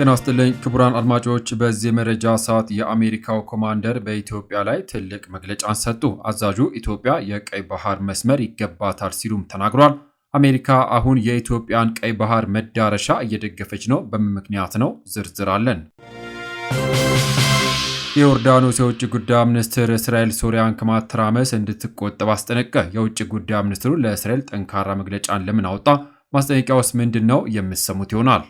ጤና ይስጥልኝ ክቡራን አድማጮች፣ በዚህ መረጃ ሰዓት የአሜሪካው ኮማንደር በኢትዮጵያ ላይ ትልቅ መግለጫን ሰጡ። አዛዡ ኢትዮጵያ የቀይ ባህር መስመር ይገባታል ሲሉም ተናግሯል። አሜሪካ አሁን የኢትዮጵያን ቀይ ባህር መዳረሻ እየደገፈች ነው። በምን ምክንያት ነው? ዝርዝር አለን። የዮርዳኖስ የውጭ ጉዳይ ሚኒስትር እስራኤል ሶሪያን ከማተራመስ እንድትቆጠብ አስጠነቀ። የውጭ ጉዳይ ሚኒስትሩ ለእስራኤል ጠንካራ መግለጫን ለምን አወጣ? ውስጥ ምንድን ነው? የምትሰሙት ይሆናል።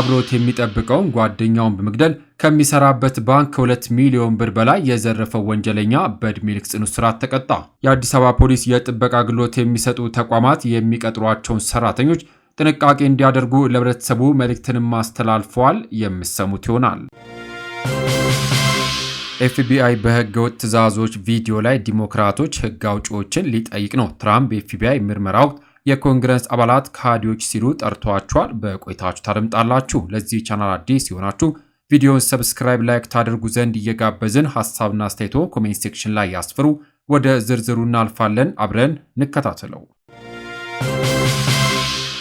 አብሮት የሚጠብቀውን ጓደኛውን በመግደል ከሚሰራበት ባንክ ከሁለት ሚሊዮን ብር በላይ የዘረፈው ወንጀለኛ በእድሜ ልክ ጽኑ እስራት ተቀጣ። የአዲስ አበባ ፖሊስ የጥበቃ አገልግሎት የሚሰጡ ተቋማት የሚቀጥሯቸውን ሰራተኞች ጥንቃቄ እንዲያደርጉ ለህብረተሰቡ መልእክትንም አስተላልፈዋል። የምሰሙት ይሆናል። ኤፍቢአይ በህገወጥ ትዕዛዞች ቪዲዮ ላይ ዲሞክራቶች ህግ አውጪዎችን ሊጠይቅ ነው። ትራምፕ የኤፍቢአይ ምርመራ ወቅት የኮንግረስ አባላት ከሃዲዎች ሲሉ ጠርተዋቸዋል። በቆይታችሁ ታደምጣላችሁ። ለዚህ ቻናል አዲስ ሲሆናችሁ ቪዲዮን ሰብስክራይብ፣ ላይክ ታደርጉ ዘንድ እየጋበዝን ሀሳብና አስተያየቶ ኮሜንት ሴክሽን ላይ ያስፍሩ። ወደ ዝርዝሩ እናልፋለን። አብረን እንከታተለው።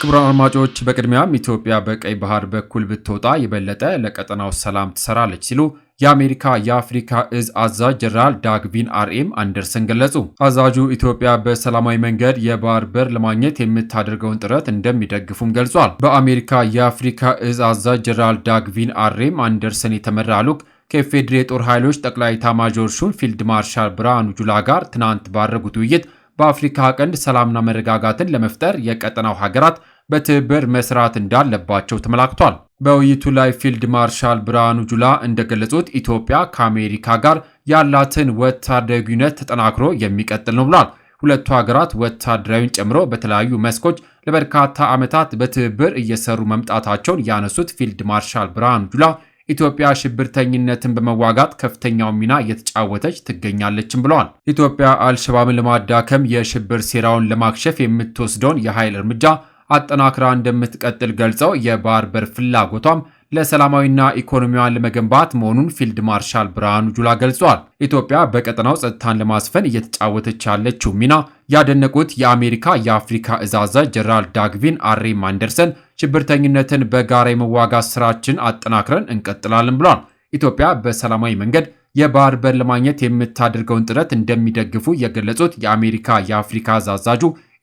ክቡራን አድማጮች በቅድሚያም ኢትዮጵያ በቀይ ባህር በኩል ብትወጣ የበለጠ ለቀጠናው ሰላም ትሰራለች ሲሉ የአሜሪካ የአፍሪካ እዝ አዛዥ ጀነራል ዳግቪን አርኤም አንደርሰን ገለጹ። አዛዡ ኢትዮጵያ በሰላማዊ መንገድ የባህር በር ለማግኘት የምታደርገውን ጥረት እንደሚደግፉም ገልጿል። በአሜሪካ የአፍሪካ እዝ አዛዥ ጀነራል ዳግቪን አርኤም አንደርሰን የተመራ ልዑክ ከኢፌዴሪ የጦር ኃይሎች ጠቅላይ ኤታማዦር ሹም ፊልድ ማርሻል ብርሃኑ ጁላ ጋር ትናንት ባደረጉት ውይይት በአፍሪካ ቀንድ ሰላምና መረጋጋትን ለመፍጠር የቀጠናው ሀገራት በትብብር መስራት እንዳለባቸው ተመላክቷል። በውይይቱ ላይ ፊልድ ማርሻል ብርሃኑ ጁላ እንደገለጹት ኢትዮጵያ ከአሜሪካ ጋር ያላትን ወታደራዊ ግንኙነት ተጠናክሮ የሚቀጥል ነው ብሏል። ሁለቱ ሀገራት ወታደራዊን ጨምሮ በተለያዩ መስኮች ለበርካታ ዓመታት በትብብር እየሰሩ መምጣታቸውን ያነሱት ፊልድ ማርሻል ብርሃኑ ጁላ ኢትዮጵያ ሽብርተኝነትን በመዋጋት ከፍተኛው ሚና እየተጫወተች ትገኛለችም ብለዋል። ኢትዮጵያ አልሸባብን ለማዳከም የሽብር ሴራውን ለማክሸፍ የምትወስደውን የኃይል እርምጃ አጠናክራ እንደምትቀጥል ገልጸው የባህር በር ፍላጎቷም ለሰላማዊና ኢኮኖሚዋን ለመገንባት መሆኑን ፊልድ ማርሻል ብርሃኑ ጁላ ገልጿል። ኢትዮጵያ በቀጠናው ጸጥታን ለማስፈን እየተጫወተች ያለችው ሚና ያደነቁት የአሜሪካ የአፍሪካ እዛዛጅ ጀራል ጀነራል ዳግቪን አሬም አንደርሰን ሽብርተኝነትን በጋራ የመዋጋት ስራችን አጠናክረን እንቀጥላለን ብሏል። ኢትዮጵያ በሰላማዊ መንገድ የባህር በር ለማግኘት የምታደርገውን ጥረት እንደሚደግፉ የገለጹት የአሜሪካ የአፍሪካ እዝ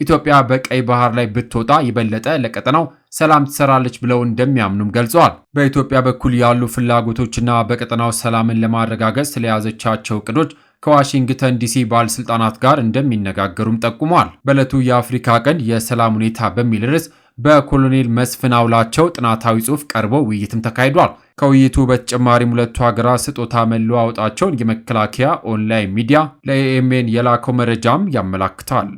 ኢትዮጵያ በቀይ ባህር ላይ ብትወጣ የበለጠ ለቀጠናው ሰላም ትሰራለች ብለው እንደሚያምኑም ገልጸዋል። በኢትዮጵያ በኩል ያሉ ፍላጎቶችና በቀጠናው ሰላምን ለማረጋገጥ ስለያዘቻቸው እቅዶች ከዋሽንግተን ዲሲ ባለስልጣናት ጋር እንደሚነጋገሩም ጠቁመዋል። በዕለቱ የአፍሪካ ቀንድ የሰላም ሁኔታ በሚል ርዕስ በኮሎኔል መስፍን አውላቸው ጥናታዊ ጽሑፍ ቀርቦ ውይይትም ተካሂዷል። ከውይይቱ በተጨማሪም ሁለቱ ሀገራት ስጦታ መለዋወጣቸውን የመከላከያ ኦንላይን ሚዲያ ለኤኤምኤን የላከው መረጃም ያመላክታል።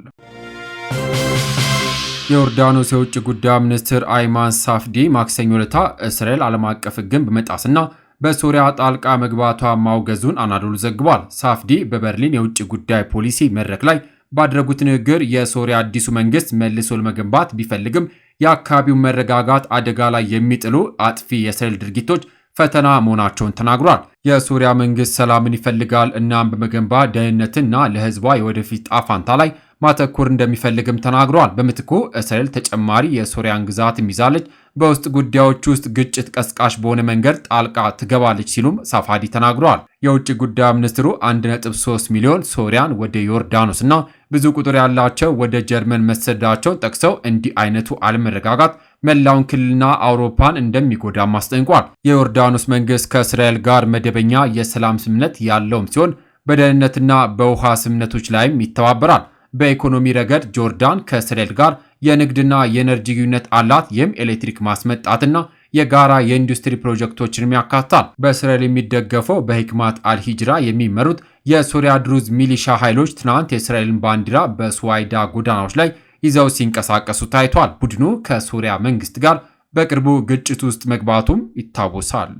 የዮርዳኖስ የውጭ ጉዳይ ሚኒስትር አይማን ሳፍዲ ማክሰኞ ዕለት እስራኤል ዓለም አቀፍ ሕግን በመጣስና በሶሪያ ጣልቃ መግባቷ ማውገዙን አናዶሉ ዘግቧል። ሳፍዲ በበርሊን የውጭ ጉዳይ ፖሊሲ መድረክ ላይ ባደረጉት ንግግር የሶሪያ አዲሱ መንግስት መልሶ ለመገንባት ቢፈልግም የአካባቢውን መረጋጋት አደጋ ላይ የሚጥሉ አጥፊ የእስራኤል ድርጊቶች ፈተና መሆናቸውን ተናግሯል። የሶሪያ መንግስት ሰላምን ይፈልጋል፣ እናም በመገንባት ደህንነትና ለህዝቧ የወደፊት ጣፋንታ ላይ ማተኮር እንደሚፈልግም ተናግረዋል። በምትኩ እስራኤል ተጨማሪ የሶሪያን ግዛትም ይዛለች፣ በውስጥ ጉዳዮች ውስጥ ግጭት ቀስቃሽ በሆነ መንገድ ጣልቃ ትገባለች ሲሉም ሳፋዲ ተናግረዋል። የውጭ ጉዳይ ሚኒስትሩ 1.3 ሚሊዮን ሶሪያን ወደ ዮርዳኖስ እና ብዙ ቁጥር ያላቸው ወደ ጀርመን መሰዳቸውን ጠቅሰው እንዲህ አይነቱ አለመረጋጋት መላውን ክልልና አውሮፓን እንደሚጎዳም አስጠንቋል። የዮርዳኖስ መንግስት ከእስራኤል ጋር መደበኛ የሰላም ስምምነት ያለውም ሲሆን በደህንነትና በውሃ ስምምነቶች ላይም ይተባበራል። በኢኮኖሚ ረገድ ጆርዳን ከእስራኤል ጋር የንግድና የኤነርጂ ግንኙነት አላት። ይህም ኤሌክትሪክ ማስመጣትና የጋራ የኢንዱስትሪ ፕሮጀክቶችንም ያካትታል። በእስራኤል የሚደገፈው በሂክማት አልሂጅራ የሚመሩት የሶሪያ ድሩዝ ሚሊሻ ኃይሎች ትናንት የእስራኤልን ባንዲራ በስዋይዳ ጎዳናዎች ላይ ይዘው ሲንቀሳቀሱ ታይቷል። ቡድኑ ከሶሪያ መንግስት ጋር በቅርቡ ግጭት ውስጥ መግባቱም ይታወሳል።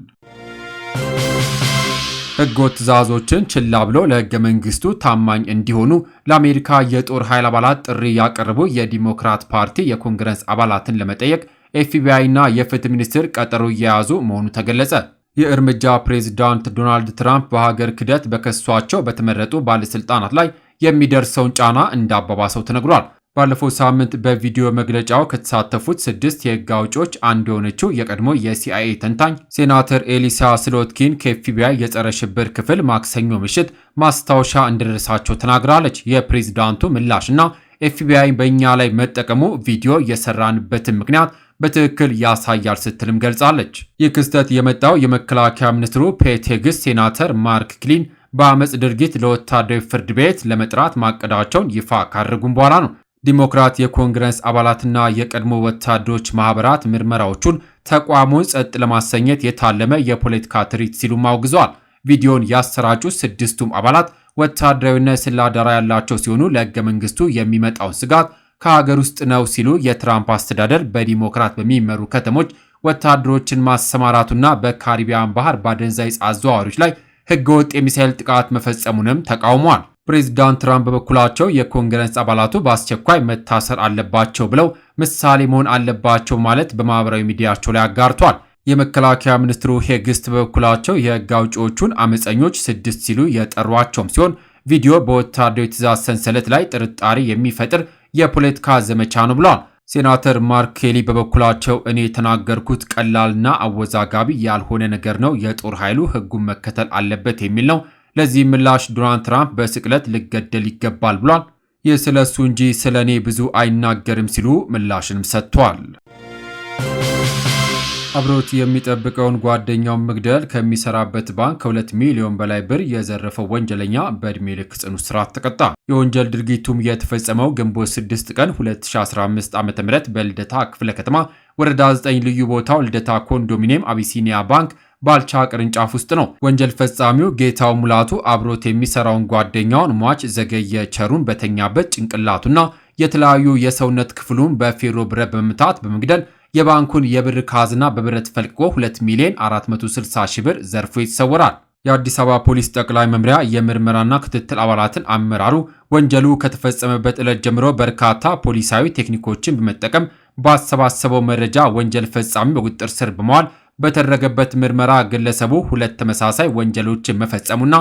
ሕገወጥ ትዕዛዞችን ችላ ብለው ለህገ መንግስቱ ታማኝ እንዲሆኑ ለአሜሪካ የጦር ኃይል አባላት ጥሪ ያቀረቡ የዲሞክራት ፓርቲ የኮንግረስ አባላትን ለመጠየቅ ኤፍቢአይ እና የፍትህ ሚኒስቴር ቀጠሮ እየያዙ መሆኑ ተገለጸ። የእርምጃ ፕሬዚዳንት ዶናልድ ትራምፕ በሀገር ክደት በከሷቸው በተመረጡ ባለሥልጣናት ላይ የሚደርሰውን ጫና እንዳባባሰው ተነግሯል። ባለፈው ሳምንት በቪዲዮ መግለጫው ከተሳተፉት ስድስት የህግ አውጪዎች አንዱ የሆነችው የቀድሞ የሲአይኤ ተንታኝ ሴናተር ኤሊሳ ስሎትኪን ከኤፍቢአይ የጸረ ሽብር ክፍል ማክሰኞ ምሽት ማስታወሻ እንደደረሳቸው ተናግራለች። የፕሬዝዳንቱ ምላሽና ኤፍቢአይ በእኛ ላይ መጠቀሙ ቪዲዮ የሰራንበትን ምክንያት በትክክል ያሳያል ስትልም ገልጻለች። ይህ ክስተት የመጣው የመከላከያ ሚኒስትሩ ፔቴግስ ሴናተር ማርክ ክሊን በአመፅ ድርጊት ለወታደራዊ ፍርድ ቤት ለመጥራት ማቀዳቸውን ይፋ ካደረጉም በኋላ ነው። ዲሞክራት የኮንግረስ አባላትና የቀድሞ ወታደሮች ማህበራት ምርመራዎቹን ተቋሙን ጸጥ ለማሰኘት የታለመ የፖለቲካ ትርኢት ሲሉም አውግዘዋል። ቪዲዮውን ያሰራጩ ስድስቱም አባላት ወታደራዊነት ስላደራ ያላቸው ሲሆኑ ለህገ መንግስቱ የሚመጣውን ስጋት ከሀገር ውስጥ ነው ሲሉ የትራምፕ አስተዳደር በዲሞክራት በሚመሩ ከተሞች ወታደሮችን ማሰማራቱና በካሪቢያን ባህር ባደንዛዥ አዘዋዋሪዎች ላይ ሕገወጥ የሚሳኤል ጥቃት መፈጸሙንም ተቃውሟል። ፕሬዚዳንት ትራምፕ በበኩላቸው የኮንግረስ አባላቱ በአስቸኳይ መታሰር አለባቸው ብለው ምሳሌ መሆን አለባቸው ማለት በማህበራዊ ሚዲያቸው ላይ አጋርቷል። የመከላከያ ሚኒስትሩ ሄግስት በበኩላቸው የህግ አውጪዎቹን አመፀኞች ስድስት ሲሉ የጠሯቸውም ሲሆን ቪዲዮ በወታደራዊ ትእዛዝ ሰንሰለት ላይ ጥርጣሬ የሚፈጥር የፖለቲካ ዘመቻ ነው ብለዋል። ሴናተር ማርክ ኬሊ በበኩላቸው እኔ የተናገርኩት ቀላልና አወዛጋቢ ያልሆነ ነገር ነው፣ የጦር ኃይሉ ህጉን መከተል አለበት የሚል ነው ለዚህ ምላሽ ዶናልድ ትራምፕ በስቅለት ልገደል ይገባል ብሏል። ይህ ስለ እሱ እንጂ ስለ እኔ ብዙ አይናገርም ሲሉ ምላሽንም ሰጥቷል። አብሮት የሚጠብቀውን ጓደኛውን መግደል ከሚሰራበት ባንክ ከሁለት ሚሊዮን በላይ ብር የዘረፈው ወንጀለኛ በዕድሜ ልክ ጽኑ እስራት ተቀጣ። የወንጀል ድርጊቱም የተፈጸመው ግንቦት 6 ቀን 2015 ዓ ም በልደታ ክፍለ ከተማ ወረዳ 9 ልዩ ቦታው ልደታ ኮንዶሚኒየም አቢሲኒያ ባንክ ባልቻ ቅርንጫፍ ውስጥ ነው። ወንጀል ፈጻሚው ጌታው ሙላቱ አብሮት የሚሰራውን ጓደኛውን ሟች ዘገየ ቸሩን በተኛበት ጭንቅላቱና የተለያዩ የሰውነት ክፍሉን በፌሮ ብረት በመምታት በመግደል የባንኩን የብር ካዝና በብረት ፈልቅቆ 2 ሚሊዮን 460 ሺህ ብር ዘርፎ ይሰወራል። የአዲስ አበባ ፖሊስ ጠቅላይ መምሪያ የምርመራና ክትትል አባላትን አመራሩ ወንጀሉ ከተፈጸመበት ዕለት ጀምሮ በርካታ ፖሊሳዊ ቴክኒኮችን በመጠቀም ባሰባሰበው መረጃ ወንጀል ፈጻሚ በቁጥጥር ስር በመዋል በተደረገበት ምርመራ ግለሰቡ ሁለት ተመሳሳይ ወንጀሎችን መፈጸሙና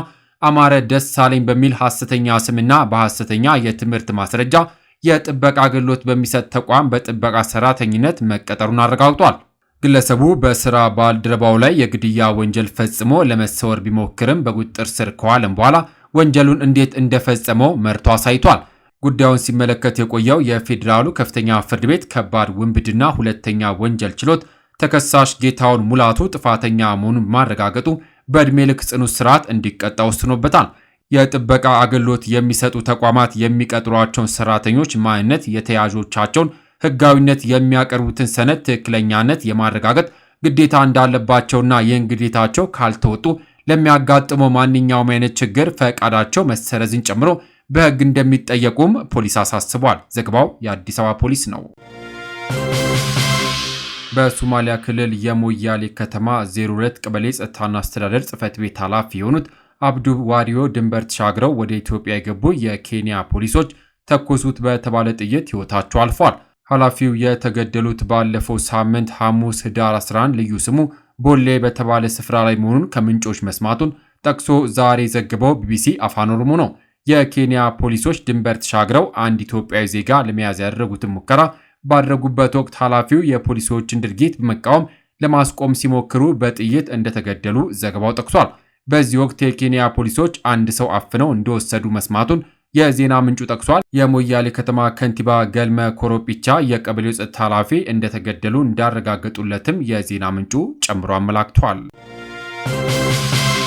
አማረ ደሳለኝ በሚል ሐሰተኛ ስምና በሐሰተኛ የትምህርት ማስረጃ የጥበቃ አገልግሎት በሚሰጥ ተቋም በጥበቃ ሰራተኝነት መቀጠሩን አረጋግጧል። ግለሰቡ በስራ ባልደረባው ላይ የግድያ ወንጀል ፈጽሞ ለመሰወር ቢሞክርም በቁጥጥር ስር ከዋለም በኋላ ወንጀሉን እንዴት እንደፈጸመው መርቶ አሳይቷል። ጉዳዩን ሲመለከት የቆየው የፌዴራሉ ከፍተኛ ፍርድ ቤት ከባድ ውንብድና ሁለተኛ ወንጀል ችሎት ተከሳሽ ጌታውን ሙላቱ ጥፋተኛ መሆኑን ማረጋገጡ በዕድሜ ልክ ጽኑ እስራት እንዲቀጣ ወስኖበታል። የጥበቃ አገልግሎት የሚሰጡ ተቋማት የሚቀጥሯቸውን ሰራተኞች ማንነት፣ የተያዦቻቸውን ህጋዊነት፣ የሚያቀርቡትን ሰነድ ትክክለኛነት የማረጋገጥ ግዴታ እንዳለባቸውና ይህን ግዴታቸው ካልተወጡ ለሚያጋጥመው ማንኛውም አይነት ችግር ፈቃዳቸው መሰረዝን ጨምሮ በህግ እንደሚጠየቁም ፖሊስ አሳስቧል። ዘገባው የአዲስ አበባ ፖሊስ ነው። በሶማሊያ ክልል የሞያሌ ከተማ 02 ቀበሌ ጸጥታና አስተዳደር ጽህፈት ቤት ኃላፊ የሆኑት አብዱ ዋሪዮ ድንበር ተሻግረው ወደ ኢትዮጵያ የገቡ የኬንያ ፖሊሶች ተኮሱት በተባለ ጥይት ሕይወታቸው አልፏል። ኃላፊው የተገደሉት ባለፈው ሳምንት ሐሙስ ህዳር 11 ልዩ ስሙ ቦሌ በተባለ ስፍራ ላይ መሆኑን ከምንጮች መስማቱን ጠቅሶ ዛሬ ዘግበው ቢቢሲ አፋን ኦሮሞ ነው። የኬንያ ፖሊሶች ድንበር ተሻግረው አንድ ኢትዮጵያዊ ዜጋ ለመያዝ ያደረጉትን ሙከራ ባድረጉበት ወቅት ኃላፊው የፖሊሶችን ድርጊት በመቃወም ለማስቆም ሲሞክሩ በጥይት እንደተገደሉ ዘገባው ጠቅሷል። በዚህ ወቅት የኬንያ ፖሊሶች አንድ ሰው አፍነው እንደወሰዱ መስማቱን የዜና ምንጩ ጠቅሷል። የሞያሌ ከተማ ከንቲባ ገልመ ኮሮጲቻ የቀበሌው ጸጥታ ኃላፊ እንደተገደሉ እንዳረጋገጡለትም የዜና ምንጩ ጨምሮ አመላክቷል።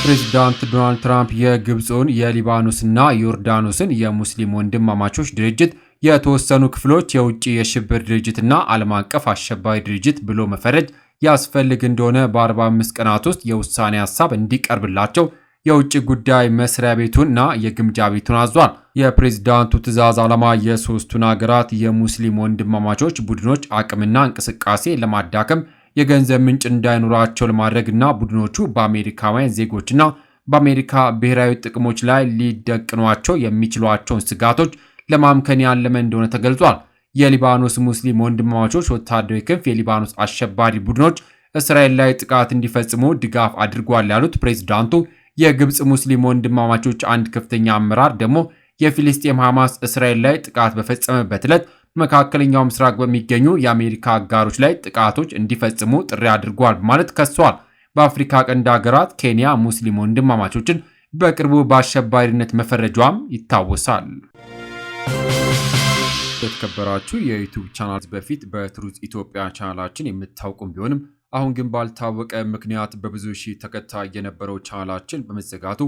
ፕሬዚዳንት ዶናልድ ትራምፕ የግብፁን የሊባኖስና ዮርዳኖስን የሙስሊም ወንድማማቾች ድርጅት የተወሰኑ ክፍሎች የውጭ የሽብር ድርጅትና ዓለም አቀፍ አሸባሪ ድርጅት ብሎ መፈረጅ ያስፈልግ እንደሆነ በ45 ቀናት ውስጥ የውሳኔ ሀሳብ እንዲቀርብላቸው የውጭ ጉዳይ መስሪያ ቤቱንና የግምጃ ቤቱን አዟል። የፕሬዝዳንቱ ትዕዛዝ ዓላማ የሦስቱን አገራት የሙስሊም ወንድማማቾች ቡድኖች አቅምና እንቅስቃሴ ለማዳከም የገንዘብ ምንጭ እንዳይኖራቸው ለማድረግና ቡድኖቹ በአሜሪካውያን ዜጎችና በአሜሪካ ብሔራዊ ጥቅሞች ላይ ሊደቅኗቸው የሚችሏቸውን ስጋቶች ለማምከን ያለመ እንደሆነ ተገልጿል። የሊባኖስ ሙስሊም ወንድማማቾች ወታደራዊ ክንፍ የሊባኖስ አሸባሪ ቡድኖች እስራኤል ላይ ጥቃት እንዲፈጽሙ ድጋፍ አድርጓል ያሉት ፕሬዝዳንቱ፣ የግብፅ ሙስሊም ወንድማማቾች አንድ ከፍተኛ አመራር ደግሞ የፊልስጤም ሐማስ እስራኤል ላይ ጥቃት በፈጸመበት ዕለት መካከለኛው ምስራቅ በሚገኙ የአሜሪካ አጋሮች ላይ ጥቃቶች እንዲፈጽሙ ጥሪ አድርጓል በማለት ከሷል። በአፍሪካ ቀንድ ሀገራት ኬንያ ሙስሊም ወንድማማቾችን በቅርቡ በአሸባሪነት መፈረጇም ይታወሳል። የተከበራችሁ የዩቱብ ቻናል በፊት በትሩዝ ኢትዮጵያ ቻናላችን የምታውቁም ቢሆንም አሁን ግን ባልታወቀ ምክንያት በብዙ ሺህ ተከታይ የነበረው ቻናላችን በመዘጋቱ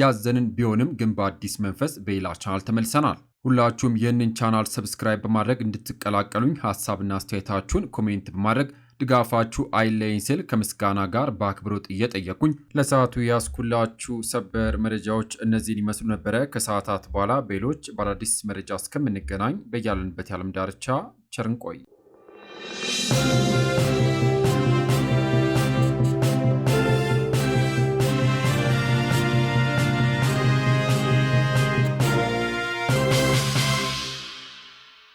ያዘንን ቢሆንም ግን በአዲስ መንፈስ በሌላ ቻናል ተመልሰናል። ሁላችሁም ይህንን ቻናል ሰብስክራይብ በማድረግ እንድትቀላቀሉኝ ሀሳብና አስተያየታችሁን ኮሜንት በማድረግ ድጋፋችሁ አይለይኝ ስል ከምስጋና ጋር በአክብሮት እየጠየኩኝ ለሰዓቱ ያስኩላችሁ ሰበር መረጃዎች እነዚህን ይመስሉ ነበረ። ከሰዓታት በኋላ በሌሎች በአዳዲስ መረጃ እስከምንገናኝ በያለንበት የዓለም ዳርቻ ቸርን ቆይ